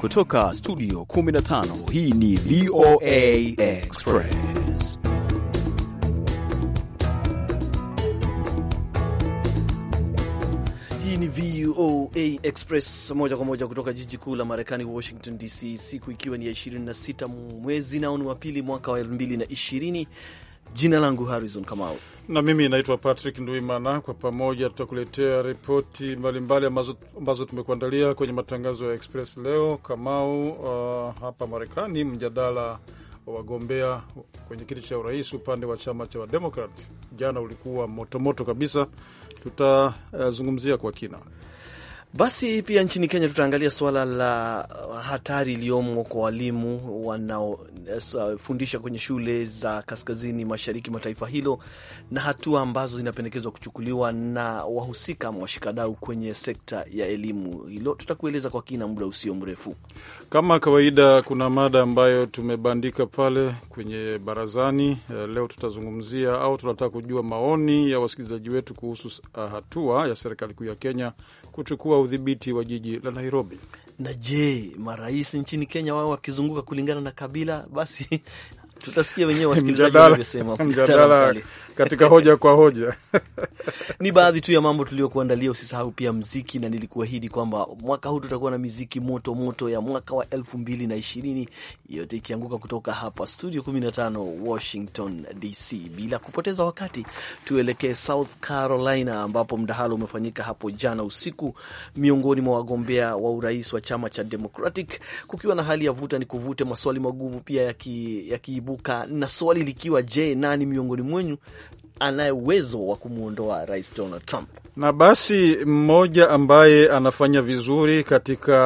Kutoka studio 15 hii ni VOA Express. Hii ni VOA Express moja kwa moja kutoka jiji kuu la Marekani, Washington DC, siku ikiwa ni ya 26 mwezi nao ni wa pili mwaka wa 2020 Jina langu Harrison Kamau na mimi naitwa Patrick Nduimana. Kwa pamoja tutakuletea ripoti mbalimbali ambazo tumekuandalia kwenye matangazo ya Express leo. Kamau, uh, hapa Marekani mjadala wa wagombea kwenye kiti cha urais upande wa chama cha Wademokrat jana ulikuwa motomoto moto kabisa. Tutazungumzia uh, kwa kina basi pia nchini Kenya tutaangalia suala la hatari iliyomo kwa walimu wanaofundisha kwenye shule za kaskazini mashariki mwa taifa hilo na hatua ambazo zinapendekezwa kuchukuliwa na wahusika ama washikadau kwenye sekta ya elimu. Hilo tutakueleza kwa kina muda usio mrefu. Kama kawaida, kuna mada ambayo tumebandika pale kwenye barazani. Eh, leo tutazungumzia au tunataka kujua maoni ya wasikilizaji wetu kuhusu eh, hatua ya serikali kuu ya Kenya kuchukua udhibiti wa jiji la Nairobi. Na je, marais nchini Kenya wao wakizunguka kulingana na kabila, basi tutasikia wenyewe wasikilizaji wanavyosema mjadala katika hoja kwa hoja. Ni baadhi tu ya mambo tuliyokuandalia. Usisahau pia mziki, na nilikuahidi kwamba mwaka huu tutakuwa na miziki moto moto ya mwaka wa elfu mbili na ishirini, yote ikianguka kutoka hapa studio 15 Washington DC. Bila kupoteza wakati, tuelekee South Carolina ambapo mdahalo umefanyika hapo jana usiku miongoni mwa wagombea wa urais wa chama cha Democratic, kukiwa na hali ya vuta ni kuvute, maswali magumu pia yaki, kuibuka na swali likiwa je, nani miongoni mwenyu anaye uwezo wa kumwondoa Rais Donald Trump? Na basi mmoja ambaye anafanya vizuri katika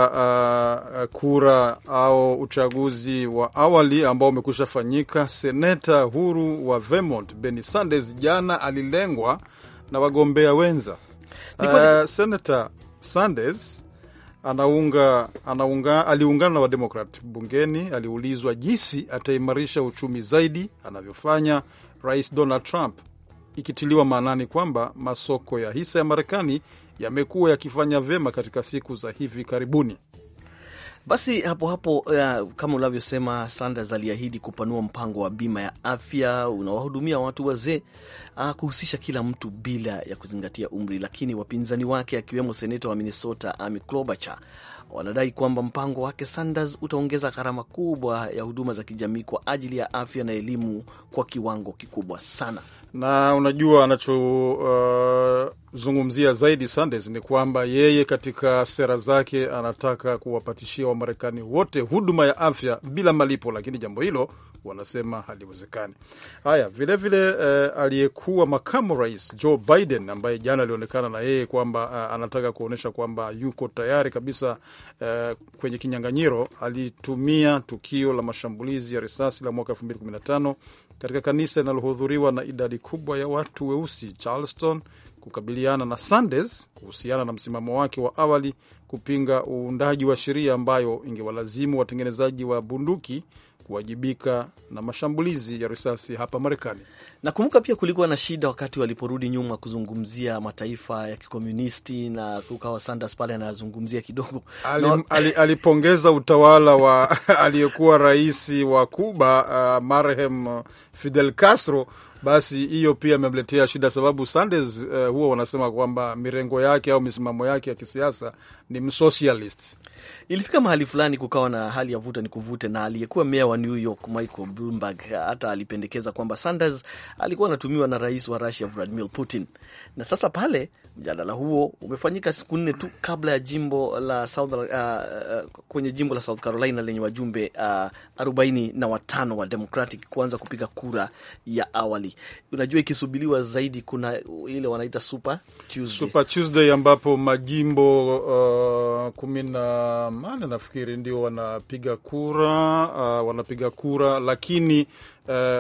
uh, kura au uchaguzi wa awali ambao umekwisha fanyika, seneta huru wa Vermont Bernie Sanders jana alilengwa na wagombea wenza. Uh, seneta Sanders anaunga, anaunga, aliungana na Wademokrat bungeni. Aliulizwa jinsi ataimarisha uchumi zaidi anavyofanya Rais Donald Trump, ikitiliwa maanani kwamba masoko ya hisa ya Marekani yamekuwa yakifanya vyema katika siku za hivi karibuni. Basi hapo hapo, uh, kama unavyosema Sanders aliahidi kupanua mpango wa bima ya afya unawahudumia watu wazee, uh, kuhusisha kila mtu bila ya kuzingatia umri, lakini wapinzani wake akiwemo seneta wa Minnesota Amy Klobuchar wanadai kwamba mpango wake Sanders utaongeza gharama kubwa ya huduma za kijamii kwa ajili ya afya na elimu kwa kiwango kikubwa sana. Na unajua anachozungumzia uh, zaidi Sanders ni kwamba yeye katika sera zake anataka kuwapatishia Wamarekani wote huduma ya afya bila malipo, lakini jambo hilo wanasema haliwezekani. Haya, vilevile vile, uh, aliyekuwa makamu rais Joe Biden ambaye jana alionekana na yeye kwamba uh, anataka kuonyesha kwamba yuko tayari kabisa uh, kwenye kinyang'anyiro, alitumia tukio la mashambulizi ya risasi la mwaka 2015 katika kanisa linalohudhuriwa na idadi kubwa ya watu weusi Charleston kukabiliana na Sanders kuhusiana na msimamo wake wa awali kupinga uundaji wa sheria ambayo ingewalazimu watengenezaji wa bunduki kuwajibika na mashambulizi ya risasi hapa Marekani. Nakumbuka pia kulikuwa na shida wakati waliporudi nyuma kuzungumzia mataifa ya kikomunisti na ukawa Sanders pale anazungumzia kidogo ali, no. al, alipongeza utawala wa aliyekuwa rais wa Kuba uh, marehem uh, Fidel Castro. Basi hiyo pia amemletea shida, sababu Sanders uh, huwa wanasema kwamba mirengo yake au misimamo yake ya kisiasa ni msocialist. Ilifika mahali fulani kukawa na hali ya vuta ni kuvute, na aliyekuwa meya wa New York Michael Bloomberg hata alipendekeza kwamba Sanders alikuwa anatumiwa na rais wa Russia Vladimir Putin. Na sasa pale mjadala huo umefanyika siku nne tu kabla ya jimbo la South, uh, uh kwenye jimbo la South Carolina lenye wajumbe uh, arobaini na watano wa Democratic kuanza kupiga kura ya awali. Unajua, ikisubiriwa zaidi kuna ile wanaita Super Tuesday, Super Tuesday ambapo majimbo uh, kumi na Maandamano nafikiri ndio wanapiga kura uh, wanapiga kura, lakini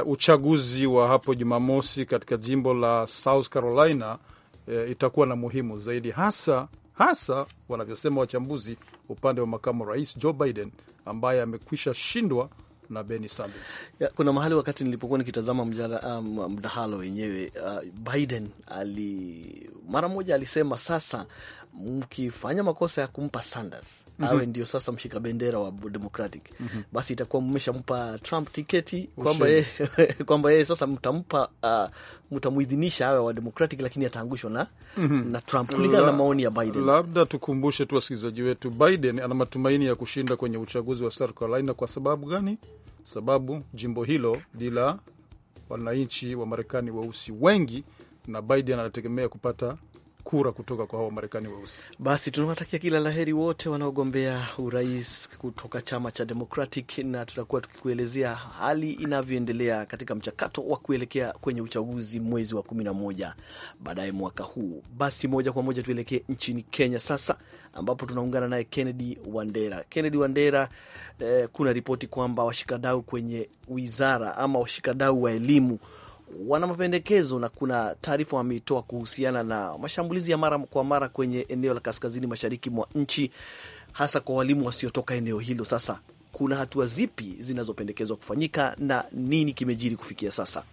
uh, uchaguzi wa hapo Jumamosi katika jimbo la South Carolina uh, itakuwa na muhimu zaidi, hasa hasa wanavyosema wachambuzi upande wa makamu rais Joe Biden ambaye amekwisha shindwa na Bernie Sanders. Ya, kuna mahali wakati nilipokuwa nikitazama um, mdahalo um, wenyewe uh, Biden ali mara moja alisema sasa mkifanya makosa ya kumpa Sanders mm -hmm. awe ndio sasa mshika bendera wa Democratic mm -hmm. basi itakuwa mmeshampa Trump tiketi kwamba yeye kwamba yeye sasa mtampa uh, mtamuidhinisha awe wa Democratic, lakini ataangushwa na, mm -hmm. na Trump kulingana na maoni ya Biden. Labda tukumbushe tu wasikilizaji wetu, Biden ana matumaini ya kushinda kwenye uchaguzi wa South Carolina. Kwa sababu gani? Sababu jimbo hilo lila wananchi wa Marekani weusi wengi na Biden anategemea kupata kura kutoka kwa Wamarekani weusi. Basi tunawatakia kila laheri wote wanaogombea urais kutoka chama cha Democratic, na tutakuwa tukikuelezea hali inavyoendelea katika mchakato wa kuelekea kwenye uchaguzi mwezi wa 11 baadaye mwaka huu. Basi moja kwa moja tuelekee nchini Kenya sasa, ambapo tunaungana naye Kennedy Wandera. Kennedy Wandera, eh, kuna ripoti kwamba washikadau kwenye wizara ama washikadau wa elimu wana mapendekezo na kuna taarifa wameitoa kuhusiana na mashambulizi ya mara kwa mara kwenye eneo la kaskazini mashariki mwa nchi, hasa kwa walimu wasiotoka eneo hilo. Sasa kuna hatua zipi zinazopendekezwa kufanyika na nini kimejiri kufikia sasa?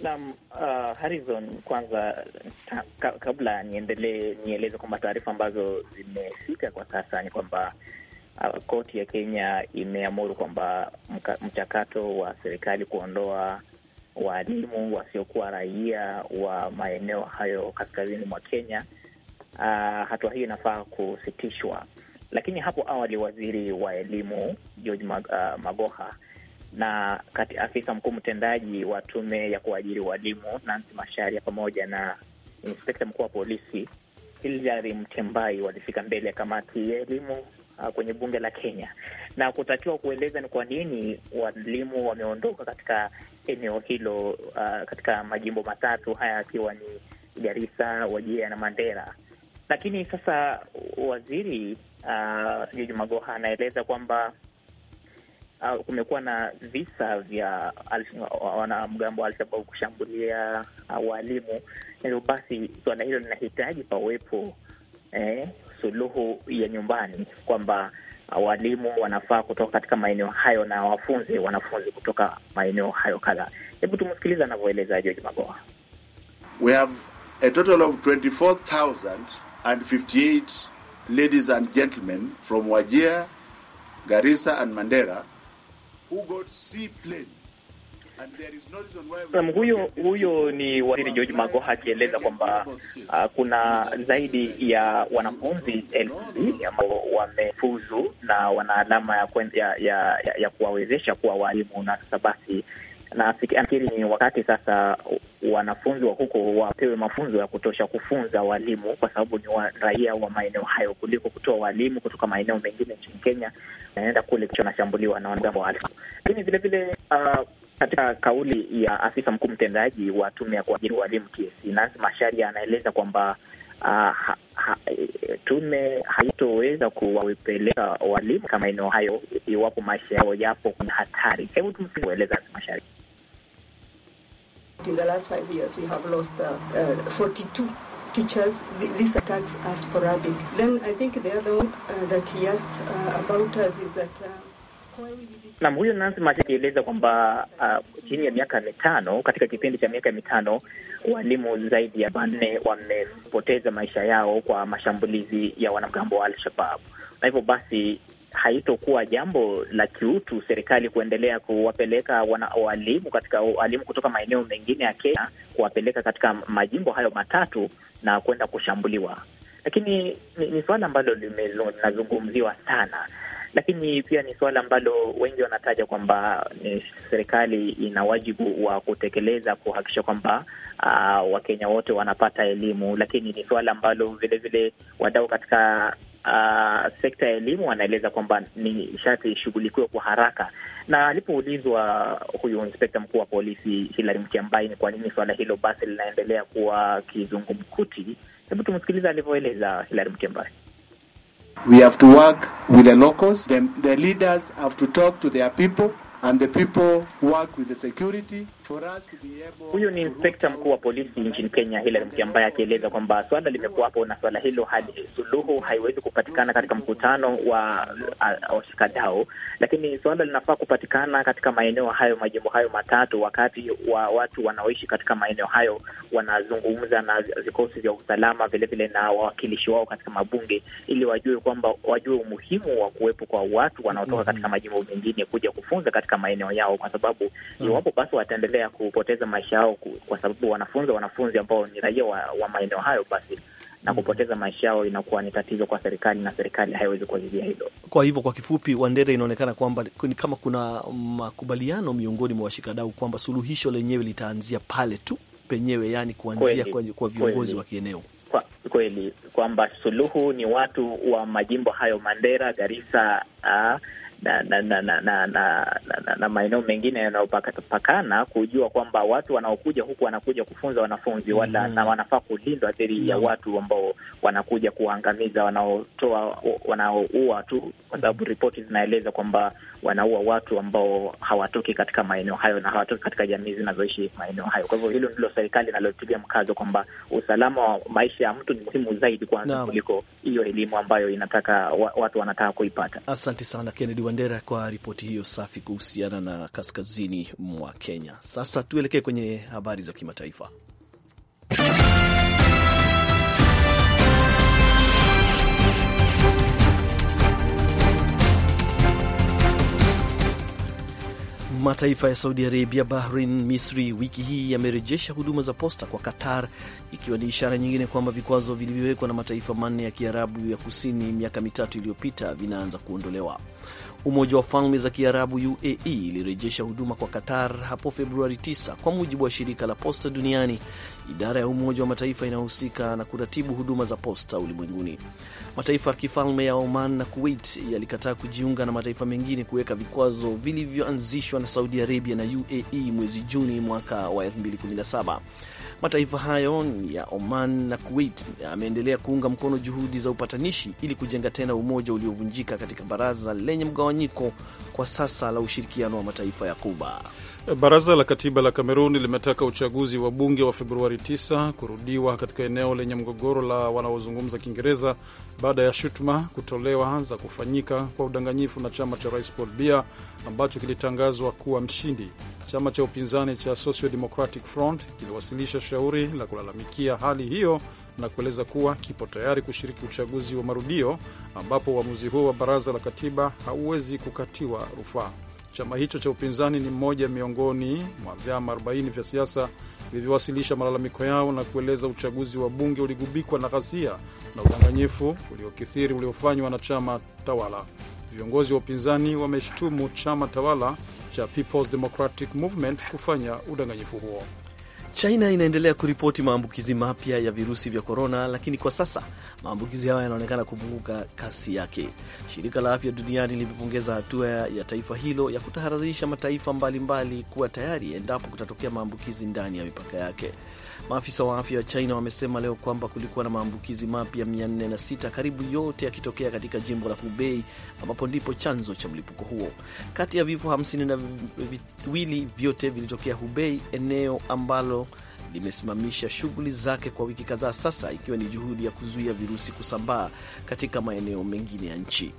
Naam, uh, Harrison, kwanza ta, ka, kabla niendelee nieleze kwamba taarifa ambazo zimefika kwa sasa ni kwamba Uh, koti ya Kenya imeamuru kwamba mchakato wa serikali kuondoa waalimu wasiokuwa raia wa maeneo hayo kaskazini mwa Kenya, uh, hatua hiyo inafaa kusitishwa. Lakini hapo awali waziri wa elimu George Mag, uh, Magoha na kati afisa mkuu mtendaji wa tume ya kuajiri walimu Nancy Masharia pamoja na inspekta mkuu wa polisi Hilary Mtembai walifika mbele ya kamati ya elimu uh, kwenye bunge la Kenya, na kutakiwa kueleza ni kwa nini walimu wameondoka katika eneo hilo, uh, katika majimbo matatu haya akiwa ni Garissa, Wajia na Mandera. Lakini sasa waziri uh, Magoha anaeleza kwamba uh, kumekuwa na visa vya wanamgambo wa Alshababu kushambulia uh, waalimu, hivyo basi suala hilo linahitaji pawepo eh, suluhu ya nyumbani kwamba uh, walimu wanafaa kutoka katika maeneo hayo na wafunzi wanafunzi kutoka maeneo hayo kadhaa. Hebu tumsikiliza anavyoeleza George Magoha. We have a total of 24,058 ladies and gentlemen from Wajir, Garissa and Mandera who got seaplane Um, huyo huyo ni waziri George Magoha akieleza kwamba uh, kuna zaidi ya wanafunzi elfu mbili ambao wamefuzu na wana alama ya, ya, ya, ya kuwawezesha kuwa walimu na sasa basi na nafikiri ni wakati sasa wanafunzi wa huko wapewe mafunzo ya kutosha kufunza walimu, kwa sababu ni raia wa maeneo hayo, kuliko kutoa walimu kutoka maeneo mengine nchini Kenya naenda kule kicho nashambuliwa na wanamgambo wa Alshabaab. Lakini vilevile uh, ah, katika kauli ya afisa mkuu mtendaji wa tume ya kuajiri walimu TSC Nancy Macharia anaeleza kwamba uh, ha, ha, tume haitoweza kuwapeleka walimu katika maeneo hayo iwapo maisha yao yapo kwenye hatari. Hebu tumsikilize Nancy Macharia. In the last five years, we have lost uh, uh, 42 teachers. These attacks are sporadic. Then I think the other one uh, that he asked uh, about us is that uh, Nam huyo Nancy Macha akieleza kwamba uh, chini ya miaka mitano, katika kipindi cha miaka mitano, walimu zaidi ya wanne wamepoteza maisha yao kwa mashambulizi ya wanamgambo wa Al-Shabaab, na hivyo basi haitokuwa jambo la kiutu serikali kuendelea kuwapeleka walimu katika walimu kutoka maeneo mengine ya Kenya kuwapeleka katika majimbo hayo matatu na kwenda kushambuliwa. Lakini ni, ni suala ambalo linazungumziwa sana, lakini pia ni suala ambalo wengi wanataja kwamba serikali ina wajibu wa kutekeleza kuhakikisha kwamba uh, Wakenya wote wanapata elimu, lakini ni suala ambalo vilevile wadau katika Uh, sekta ya elimu anaeleza kwamba ni sharti ishughulikiwe kwa haraka. Na alipoulizwa huyu inspekta mkuu wa polisi Hilary mkiambai ni kwa nini suala hilo basi linaendelea kuwa kizungumkuti, hebu tumsikiliza alivyoeleza Hilary mkiambai We have to work with the locals. The, the leaders have to talk to their people and the people work with the security Huyu ni inspekta mkuu wa polisi nchini Kenya, Hilary Mutyambai, akieleza kwamba swala limekuwapo na swala hilo hadi suluhu haiwezi kupatikana katika mkutano wa washikadau, lakini swala linafaa kupatikana katika maeneo hayo, majimbo hayo matatu, wakati wa watu wanaoishi katika maeneo hayo wanazungumza na vikosi vya usalama, vilevile na wawakilishi wao katika mabunge, ili wajue kwamba wajue umuhimu wa kuwepo kwa watu wanaotoka katika majimbo mengine kuja kufunza katika maeneo yao, kwa sababu hmm. iwapo basi wataende badala ya kupoteza maisha yao, kwa sababu wanafunza wanafunzi ambao ni raia wa, wa maeneo hayo basi na mm. kupoteza maisha yao inakuwa ni tatizo kwa serikali na serikali haiwezi kuzidia hilo. Kwa hivyo kwa kifupi, Wandere, inaonekana kwamba ni kama kuna makubaliano miongoni mwa washikadau kwamba suluhisho lenyewe litaanzia pale tu penyewe, yani kuanzia kwa, kwa viongozi wa kieneo kweli, kwamba suluhu ni watu wa majimbo hayo Mandera, Garissa, uh, na na na na, na, na, na, na maeneo mengine yanayopakana kujua kwamba watu wanaokuja huku wanakuja kufunza wanafunzi wala mm -hmm. na wanafaa kulindwa dhidi ya mm. watu ambao wanakuja kuwaangamiza, wanaotoa wanaoua tu, kwa sababu ripoti zinaeleza kwamba wanaua watu ambao hawatoki katika maeneo hayo na hawatoki katika jamii zinazoishi maeneo hayo. Kwa hivyo hilo ndilo serikali inalotilia mkazo kwamba usalama wa maisha ya mtu ni muhimu zaidi kwanza kuliko hiyo elimu ambayo inataka watu wanataka kuipata. Asante sana Kennedy. Wandera kwa ripoti hiyo safi kuhusiana na kaskazini mwa Kenya. Sasa tuelekee kwenye habari za kimataifa. Mataifa ya Saudi Arabia, Bahrain, Misri wiki hii yamerejesha huduma za posta kwa Qatar, ikiwa ni ishara nyingine kwamba vikwazo vilivyowekwa na mataifa manne ya Kiarabu ya kusini miaka mitatu iliyopita vinaanza kuondolewa. Umoja wa Falme za Kiarabu UAE ilirejesha huduma kwa Qatar hapo Februari 9 kwa mujibu wa shirika la posta duniani, idara ya Umoja wa Mataifa inayohusika na kuratibu huduma za posta ulimwenguni. Mataifa ya kifalme ya Oman na Kuwait yalikataa kujiunga na mataifa mengine kuweka vikwazo vilivyoanzishwa na Saudi Arabia na UAE mwezi Juni mwaka wa 2017. Mataifa hayo ya Oman na Kuwait yameendelea kuunga mkono juhudi za upatanishi ili kujenga tena umoja uliovunjika katika baraza lenye mgawanyiko kwa sasa la ushirikiano wa mataifa ya Kuba. Baraza la Katiba la cameron limetaka uchaguzi wa bunge wa Februari 9 kurudiwa katika eneo lenye mgogoro la wanaozungumza Kiingereza baada ya shutuma kutolewa za kufanyika kwa udanganyifu na chama cha Rais Paul Bia ambacho kilitangazwa kuwa mshindi. Chama cha upinzani cha Social Democratic Front kiliwasilisha shauri la kulalamikia hali hiyo na kueleza kuwa kipo tayari kushiriki uchaguzi wa marudio ambapo uamuzi huo wa baraza la katiba hauwezi kukatiwa rufaa. Chama hicho cha upinzani ni mmoja miongoni mwa vyama 40 vya siasa vilivyowasilisha malalamiko yao na kueleza uchaguzi wa bunge uligubikwa na ghasia na udanganyifu uliokithiri uliofanywa na chama tawala. Viongozi wa upinzani wameshtumu chama tawala cha People's Democratic Movement kufanya udanganyifu huo. China inaendelea kuripoti maambukizi mapya ya virusi vya korona, lakini kwa sasa maambukizi hayo yanaonekana kupunguka kasi yake. Shirika la afya duniani limepongeza hatua ya taifa hilo ya kutahadharisha mataifa mbalimbali mbali kuwa tayari endapo kutatokea maambukizi ndani ya mipaka yake. Maafisa wa afya wa China wamesema leo kwamba kulikuwa na maambukizi mapya 406 karibu yote yakitokea katika jimbo la Hubei ambapo ndipo chanzo cha mlipuko huo. Kati ya vifo 52 na viwili vyote vilitokea Hubei, eneo ambalo limesimamisha shughuli zake kwa wiki kadhaa sasa, ikiwa ni juhudi ya kuzuia virusi kusambaa katika maeneo mengine ya nchi.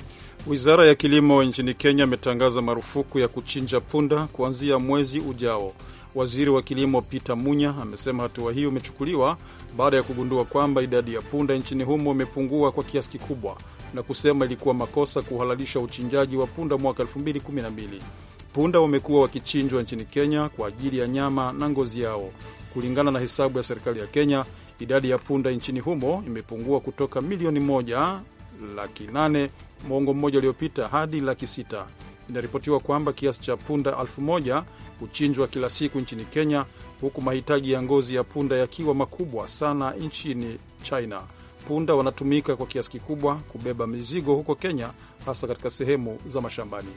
Wizara ya kilimo nchini Kenya imetangaza marufuku ya kuchinja punda kuanzia mwezi ujao. Waziri wa kilimo Peter Munya amesema hatua hiyo imechukuliwa baada ya kugundua kwamba idadi ya punda nchini humo imepungua kwa kiasi kikubwa na kusema ilikuwa makosa kuhalalisha uchinjaji wa punda mwaka 2012. Punda wamekuwa wakichinjwa nchini Kenya kwa ajili ya nyama na ngozi yao. Kulingana na hesabu ya serikali ya Kenya, idadi ya punda nchini humo imepungua kutoka milioni moja laki nane mwongo mmoja uliopita hadi laki sita. Inaripotiwa kwamba kiasi cha punda elfu moja huchinjwa kila siku nchini Kenya, huku mahitaji ya ngozi ya punda yakiwa makubwa sana nchini China. Punda wanatumika kwa kiasi kikubwa kubeba mizigo huko Kenya, hasa katika sehemu za mashambani.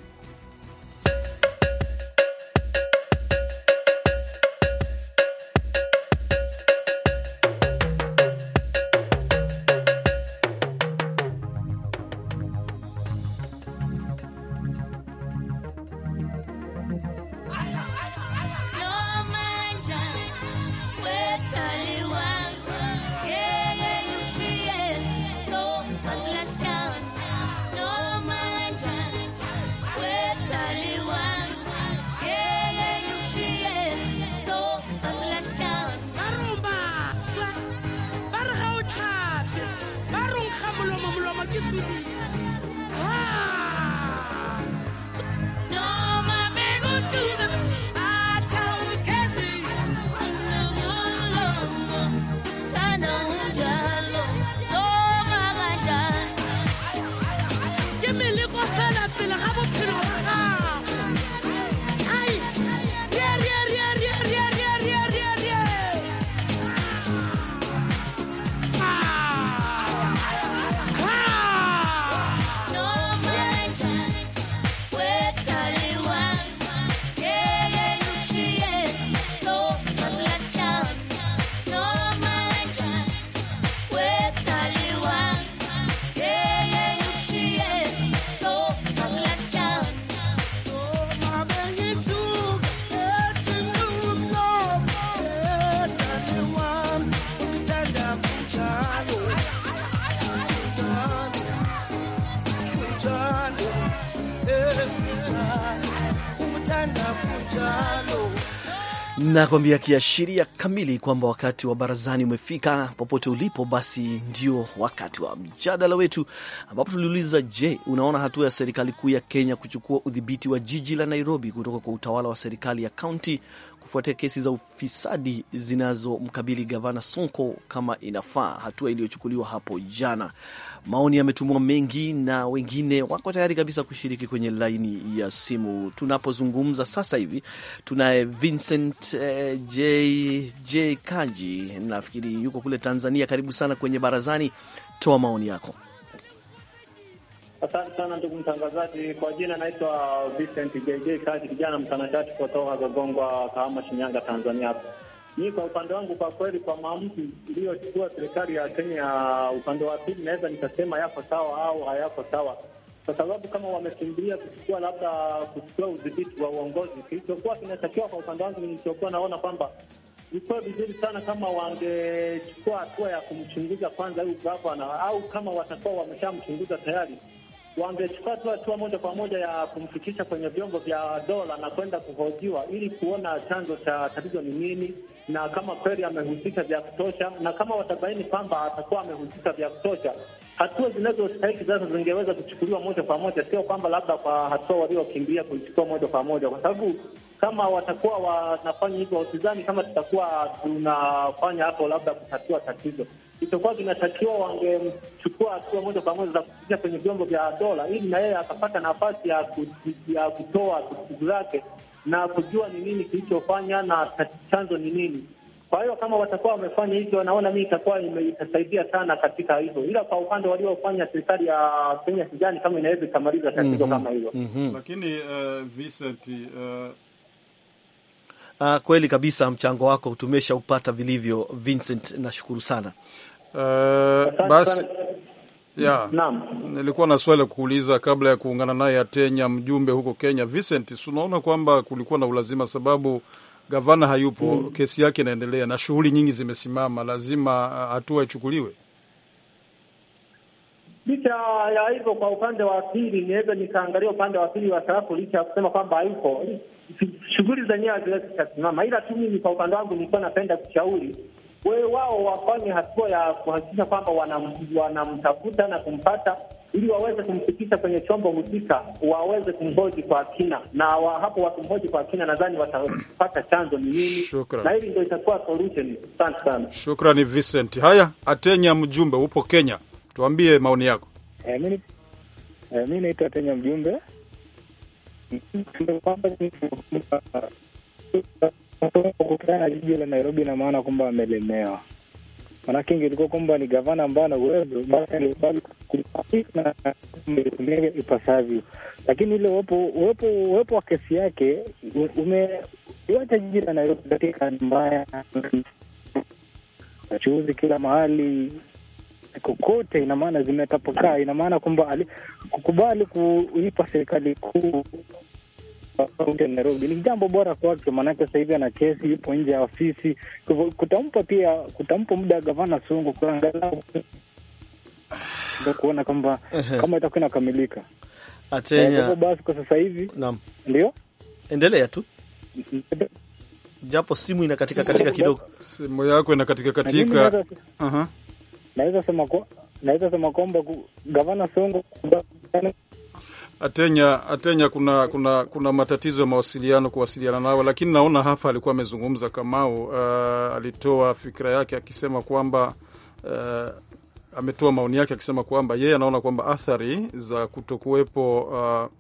que se Ah! Nakwambia kiashiria kamili kwamba wakati wa barazani umefika. Popote ulipo, basi ndio wakati wa mjadala wetu, ambapo tuliuliza, je, unaona hatua ya serikali kuu ya Kenya kuchukua udhibiti wa jiji la Nairobi kutoka kwa utawala wa serikali ya kaunti kufuatia kesi za ufisadi zinazomkabili gavana Sonko kama inafaa, hatua iliyochukuliwa hapo jana? Maoni yametumwa mengi na wengine wako tayari kabisa kushiriki kwenye laini ya simu. Tunapozungumza sasa hivi tunaye Vincent eh, J, J Kaji, nafikiri yuko kule Tanzania. Karibu sana kwenye barazani, toa maoni yako. Asante sana ndugu mtangazaji. Kwa jina naitwa Vincent JJ Kaji, kijana mtanashati kutoka Gogongwa, Kahama, Shinyanga, Tanzania. Mimi kwa upande wangu, kwa kweli, kwa maamuzi iliyochukua serikali ya Kenya ya upande wa pili, naweza nikasema yako sawa au hayako sawa, kwa sababu kama wamekimbilia kuchukua labda kuchukua udhibiti wa uongozi, kilichokuwa kinatakiwa kwa upande wangu, nilichokuwa naona kwamba ilikuwa vizuri sana kama wangechukua hatua ya kumchunguza kwanza huyu gavana, au kama watakuwa wameshamchunguza tayari wangechukua tu hatua moja kwa moja ya kumfikisha kwenye vyombo vya dola na kwenda kuhojiwa ili kuona chanzo cha tatizo ni nini, na kama kweli amehusika vya kutosha, na kama watabaini kwamba atakuwa amehusika vya kutosha, hatua zinazostahiki sasa zingeweza kuchukuliwa moja kwa moja, sio kwamba labda kwa hatua waliokimbia kuichukua moja kwa moja, kwa sababu kama watakuwa wanafanya hivyo, sidhani kama tutakuwa tunafanya hapo labda kutatua tatizo. Itakuwa tunatakiwa wangemchukua hatua moja kwa moja za kupitia kwenye vyombo vya dola, ili na yeye akapata nafasi ya kutoa tatizo zake na kujua ni nini kilichofanya na chanzo ni nini. Kwa hiyo kama watakuwa wamefanya hivyo, naona mimi itakuwa itasaidia sana katika hivyo, ila kwa upande waliofanya serikali ya Kenya, sidhani kama inaweza ikamaliza tatizo mm -hmm. kama hivyo mm -hmm. Lakini uh, Vincent uh Uh, kweli kabisa mchango wako upata vilivyo Vincent, nashukuru sana. Uh, eh, basi ya nilikuwa na swali kuuliza kabla ya kuungana naye Atenya, mjumbe huko Kenya. Vincent, unaona kwamba kulikuwa na ulazima sababu gavana hayupo, mm, kesi yake inaendelea na shughuli nyingi zimesimama, lazima ah, hatua ichukuliwe. Licha ya hivyo, kwa upande wa pili, niweze nikaangalia upande wa pili wa sarafu, licha ya kusema kwamba hayupo shughuli zenyewe haziwezi zikasimama, ila tu mimi kwa upande wangu nilikuwa napenda kushauri wewe wao wafanye hatua ya kuhakikisha kwamba wanamtafuta wana na kumpata ili waweze kumfikisha kwenye chombo husika, waweze kumhoji kwa kina, na wa hapo wakimhoji kwa kina, nadhani watapata chanzo ni nini, na hili ndio itakuwa solution. Asante sana, shukrani Vincent. Haya, Atenya Mjumbe, upo Kenya, tuambie maoni yako. Eh, mimi eh, naitwa Atenya Mjumbe kukutana na jiji la Nairobi, ina maana kwamba amelemewa. Manake ingelikuwa kwamba ni gavana ambaye ana uwezo, basi ipasavyo. Lakini ile uwepo wa kesi yake umeiwacha jiji la Nairobi katika mbaya, wachuuzi kila mahali kokote, ina maana zimetapakaa, ina maana kwamba kukubali kuipa serikali kuu kaunti ya Nairobi ni jambo bora kwake, maanake sasa hivi ana kesi, yupo nje ya ofisi, kutampa pia kutampa muda gavana sungu kuangalau kuona kwamba kama itakuwa inakamilika. Atenya eh, basi kwa sasa hivi, naam, ndio endelea tu japo simu inakatika katika kidogo, simu yako inakatika katika. Aha naweza sema kwa, naweza sema kwamba gavana Songo Atenya Atenya, kuna kuna kuna matatizo ya mawasiliano kuwasiliana nao, lakini naona hapa alikuwa amezungumza Kamau. Uh, alitoa fikira yake akisema kwamba uh, ametoa maoni yake akisema kwamba yeye anaona kwamba athari za kutokuwepo uh,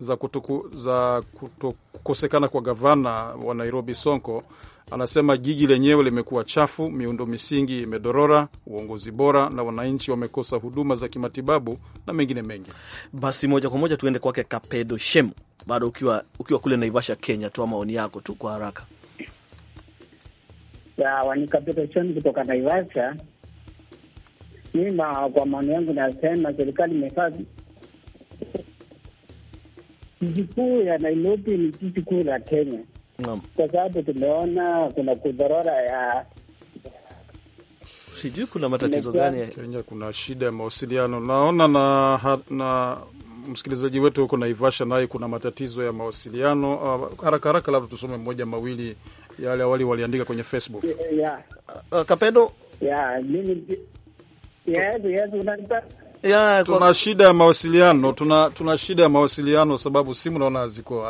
za kutoku, za kutokosekana kwa gavana wa Nairobi Sonko Anasema jiji lenyewe limekuwa chafu, miundo misingi imedorora, uongozi bora, na wananchi wamekosa huduma za kimatibabu na mengine mengi. Basi moja kwa moja tuende kwake Kapedo Shem, bado ukiwa, ukiwa kule Naivasha, Kenya. Toa maoni yako tu kwa haraka. Sawa, ni Kapedo Shem kutoka Naivasha. kwa maoni yangu nasema serikali imefaa jiji kuu ya Nairobi ni jiji kuu la Kenya kwa sababu tumeona kuna kudhorora ya sijui kuna matatizo gani Kenya, kuna shida ya mawasiliano naona na, na, na msikilizaji wetu huko Naivasha naye kuna matatizo ya mawasiliano. Ah, haraka haraka, labda tusome mmoja mawili yale awali waliandika kwenye Facebook. yeah. Uh, Kapedo yeah, yes, yes, tuna shida ya mawasiliano tuna, tuna shida ya mawasiliano sababu simu naona haziko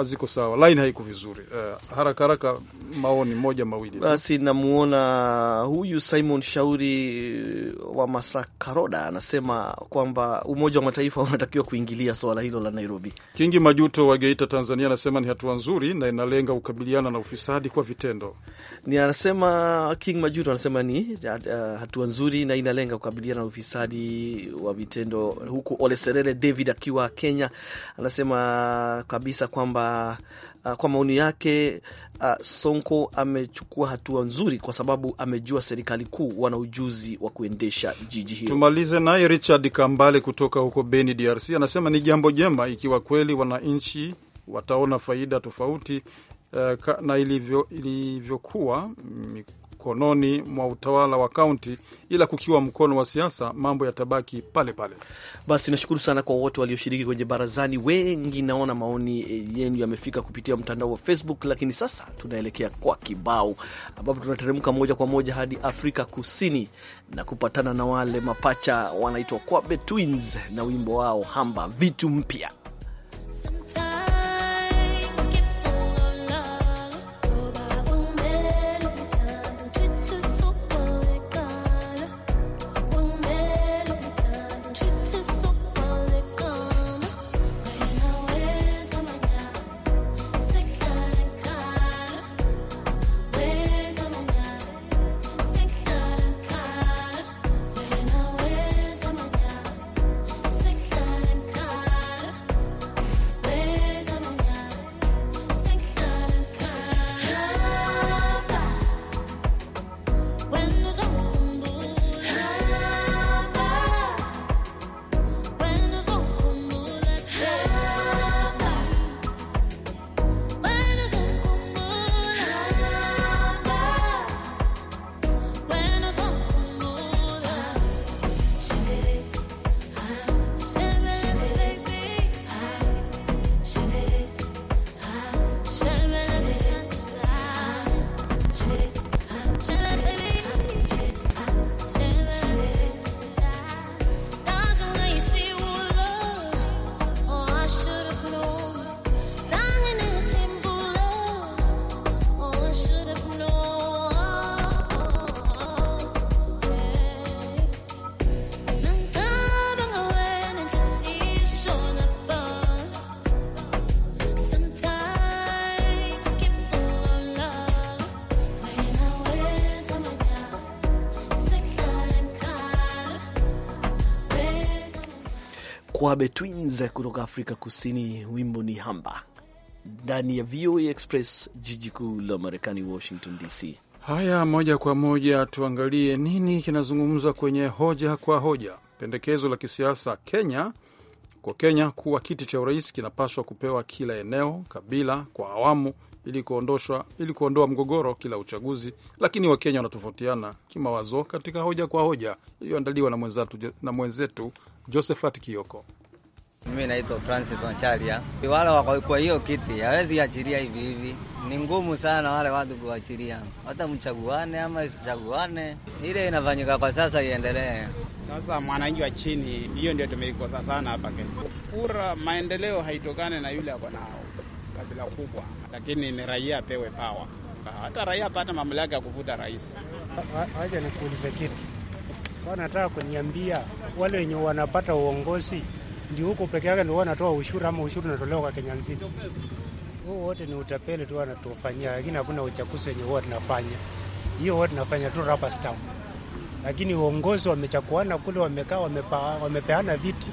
haziko sawa, line haiko vizuri. Uh, haraka haraka maoni moja mawili basi. Namuona huyu Simon Shauri eh, wa Masakaroda anasema kwamba Umoja wa Mataifa unatakiwa kuingilia swala hilo la Nairobi. Kingi Majuto wa Geita, Tanzania anasema ni hatua nzuri na inalenga kukabiliana na ufisadi kwa vitendo. Ni anasema King Majuto anasema ni eh, hatua nzuri na inalenga kukabiliana na ufisadi wa vitendo, huku Ole David akiwa Kenya anasema kabisa kwamba uh, kwa maoni yake uh, Sonko amechukua hatua nzuri kwa sababu amejua serikali kuu wana ujuzi wa kuendesha jiji hilo. Tumalize naye Richard Kambale kutoka huko Beni, DRC, anasema ni jambo jema ikiwa kweli wananchi wataona faida tofauti uh, na ilivyokuwa ilivyo mm, mikononi mwa utawala wa kaunti, ila kukiwa mkono wa siasa, mambo yatabaki pale pale. Basi nashukuru sana kwa wote walioshiriki kwenye barazani. Wengi naona maoni eh, yenu yamefika kupitia mtandao wa Facebook, lakini sasa tunaelekea kwa kibao, ambapo tunateremka moja kwa moja hadi Afrika Kusini na kupatana na wale mapacha wanaitwa Kwabe Twins na wimbo wao hamba vitu mpya Kohabe Twins kutoka Afrika Kusini, wimbo ni Hamba, ndani ya VOA Express, jiji kuu la Marekani, Washington DC. Haya, moja kwa moja tuangalie nini kinazungumzwa kwenye hoja kwa hoja. Pendekezo la kisiasa Kenya kwa Kenya kuwa kiti cha urais kinapaswa kupewa kila eneo, kabila kwa awamu, ili kuondoshwa ili kuondoa mgogoro kila uchaguzi. Lakini Wakenya wanatofautiana kimawazo katika hoja kwa hoja iliyoandaliwa na mwenzetu Josephat Kioko. Mimi naitwa Francis Wancharia. Wale kwa hiyo kiti hawezi achiria hivi hivi, ni ngumu sana wale watu kuachiria, hata mchaguane ama isichaguane, ile inafanyika kwa sasa iendelee. Sasa mwananchi wa chini, hiyo ndio tumeikosa sana hapa Kenya. Kura maendeleo haitokane na yule ako nao kabila kubwa, lakini ni raia apewe pawa, hata raia apata mamlaka ya kuvuta rais. Wacha nikuulize kitu, wanataka kuniambia wale wenye wanapata uongozi ndio huko peke yake ndio wanatoa ushuru ama ushuru unatolewa kwa Kenya nzima. Huo wote ni utapeli tu wanatufanyia, lakini hakuna uchaguzi wenye huwa tunafanya. Hiyo wote tunafanya tu rubber stamp, lakini uongozi wamechakuana kule, wamekaa wamepa, wamepeana viti.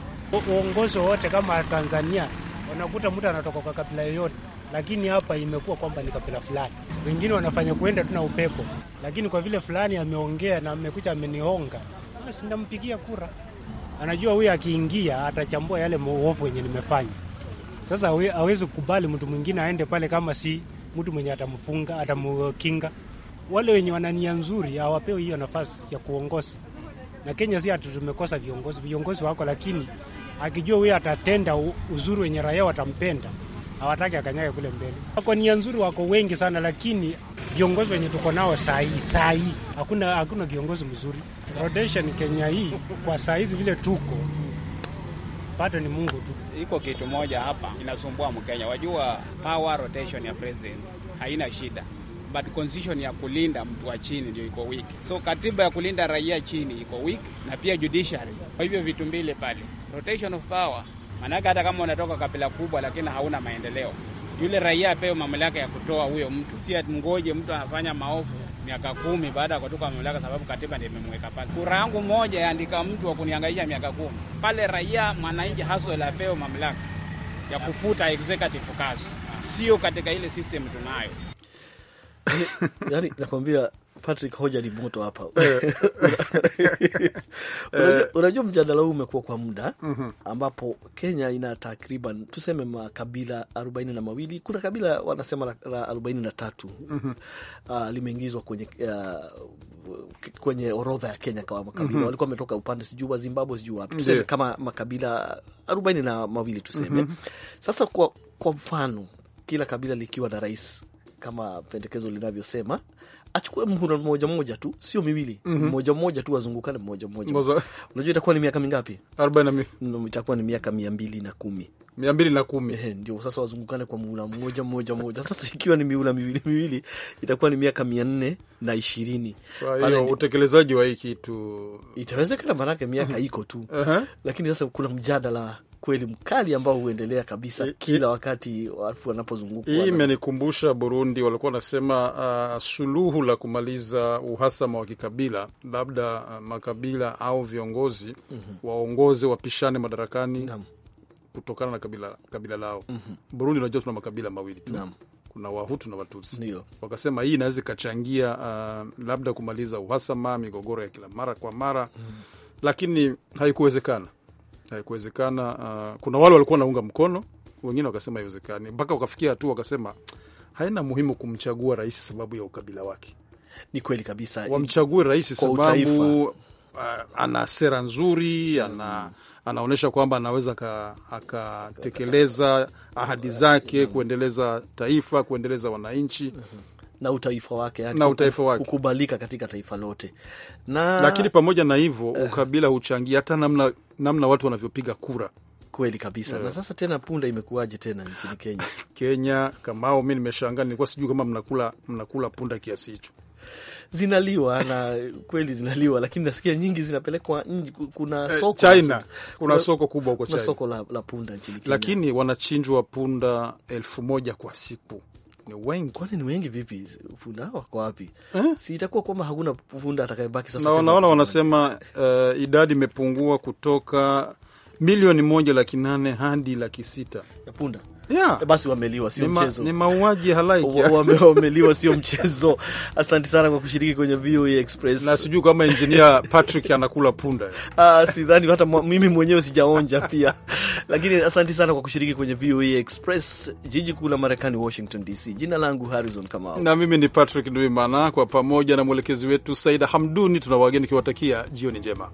Uongozi wote kama Tanzania wanakuta mtu anatoka kwa kabila yoyote, lakini hapa imekuwa kwamba ni kabila fulani. Wengine wanafanya kuenda tuna upepo, lakini kwa vile fulani ameongea na amekuja amenionga, basi ndampigia kura anajua huyu akiingia atachambua yale maovu yenye nimefanya. Sasa hawezi kukubali mtu mwingine aende pale kama si mtu mwenye atamfunga, atamkinga. Wale wenye wana nia nzuri hawapewi hiyo nafasi ya kuongoza. Na Kenya si hatu tumekosa viongozi, viongozi wako, lakini akijua huyu atatenda uzuri wenye raia watampenda hawataki akanyage kule mbele. Wako nia nzuri wako wengi sana, lakini viongozi wenye tuko nao saa hii saa hii hakuna hakuna kiongozi mzuri. Rotation Kenya hii kwa saa hizi vile tuko bado ni Mungu tu. Iko kitu moja hapa inasumbua Mkenya, wajua power rotation ya president haina shida but constitution ya kulinda mtu wa chini ndio iko weak. So katiba ya kulinda raia chini iko weak na pia judiciary. Kwa hivyo vitu mbili pale, rotation of power Maanake hata kama unatoka kabila kubwa, lakini hauna maendeleo, yule raia apewe mamlaka ya kutoa huyo mtu, si mgoje mtu anafanya maovu miaka kumi baada ya kutoka mamlaka, sababu katiba ndiyo imemweka pale. Kura yangu moja yaandika mtu wa kuniangaisha miaka kumi pale. Raia mwananchi hasol apewe mamlaka ya kufuta executive kazi, sio katika ile system tunayo. yani, nakwambia Patrick, hoja ni moto hapa. Eh. Unajua, mjadala huu umekuwa kwa muda mhm. ambapo Kenya ina takriban tuseme makabila arobaini na mawili. Kuna kabila wanasema la, la arobaini na tatu uh, limeingizwa kwenye uh, kwenye orodha ya Kenya kama makabila mm -hmm. walikuwa wametoka upande sijui wa Zimbabwe sijui wapi tuseme yeah. kama makabila arobaini na mawili tuseme mm -hmm. Sasa kwa, kwa mfano kila kabila likiwa na rais kama pendekezo linavyosema achukue mhula mmoja mmoja tu, sio miwili, mhm. mmoja mmoja tu, wazungukane mmoja mmoja. Unajua itakuwa ni miaka mingapi? itakuwa ni miaka mia mbili na kumi mia mbili na kumi ehe, ndio sasa wazungukane kwa mula mmoja mmoja mmoja. Sasa ikiwa ni mihula miwili miwili, itakuwa ni miaka mia nne na ishirini. Kwa hiyo utekelezaji wa hii kitu itawezekana, maanake miaka mhm. iko tu, lakini sasa kuna mjadala kweli mkali ambao huendelea kabisa kila wakati watu wanapozungukwa. Hii imenikumbusha Burundi, walikuwa wanasema uh, suluhu la kumaliza uhasama wa kikabila, labda uh, makabila au viongozi mm -hmm. waongoze wapishane madarakani Naam. kutokana na kabila, kabila lao mm -hmm. Burundi unajua tuna makabila mawili tu Naam. kuna Wahutu na Watusi. Wakasema hii inaweza ikachangia uh, labda kumaliza uhasama, migogoro ya kila mara kwa mara mm -hmm. lakini haikuwezekana haikuwezekana. Eh, uh, ah, kuna wale walikuwa wanaunga mkono, wengine wakasema haiwezekani, mpaka wakafikia hatua wakasema haina muhimu kumchagua rais sababu ya ukabila wake. Ni kweli kabisa, wamchague rais sababu uh, ana sera nzuri, ana anaonyesha kwamba anaweza akatekeleza ahadi zake, kuendeleza taifa, kuendeleza wananchi. Mhm na utaifa wake yani na utaifa wake kukubalika katika taifa lote na... lakini pamoja na hivyo uh, ukabila huchangia hata namna, namna watu wanavyopiga kura. Kweli kabisa yeah. Na eh. sasa tena punda imekuwaje tena nchini Kenya? Kenya kamao, mi nimeshangaa, nilikuwa sijui kama mnakula, mnakula punda kiasi hicho zinaliwa na kweli zinaliwa, lakini nasikia nyingi zinapelekwa nje. Kuna eh, soko China, kuna soko kubwa huko China, soko la, la punda nchini Kenya, lakini wanachinjwa punda elfu moja kwa siku wengi. Kwani ni wengi vipi? Punda wako wapi eh? Si itakuwa kwamba hakuna punda atakayebaki sasa. Naona wanasema uh, idadi imepungua kutoka milioni moja laki nane hadi laki sita ya punda Yeah. Eh, basi wameliwa sio mchezo. Ni mauaji halaiki. Wameliwa sio mchezo. Asante sana kwa kushiriki kwenye VOA e Express. Na sijui kama engineer Patrick anakula punda. Ah, sidhani hata mimi mwenyewe sijaonja pia. Lakini asante sana kwa kushiriki kwenye VOA e Express, jiji kuu la Marekani Washington DC. Jina langu Harrison Kamau. Na mimi ni Patrick Ndwimana, kwa pamoja na mwelekezi wetu Saida Hamduni tunawageni kiwatakia jioni njema.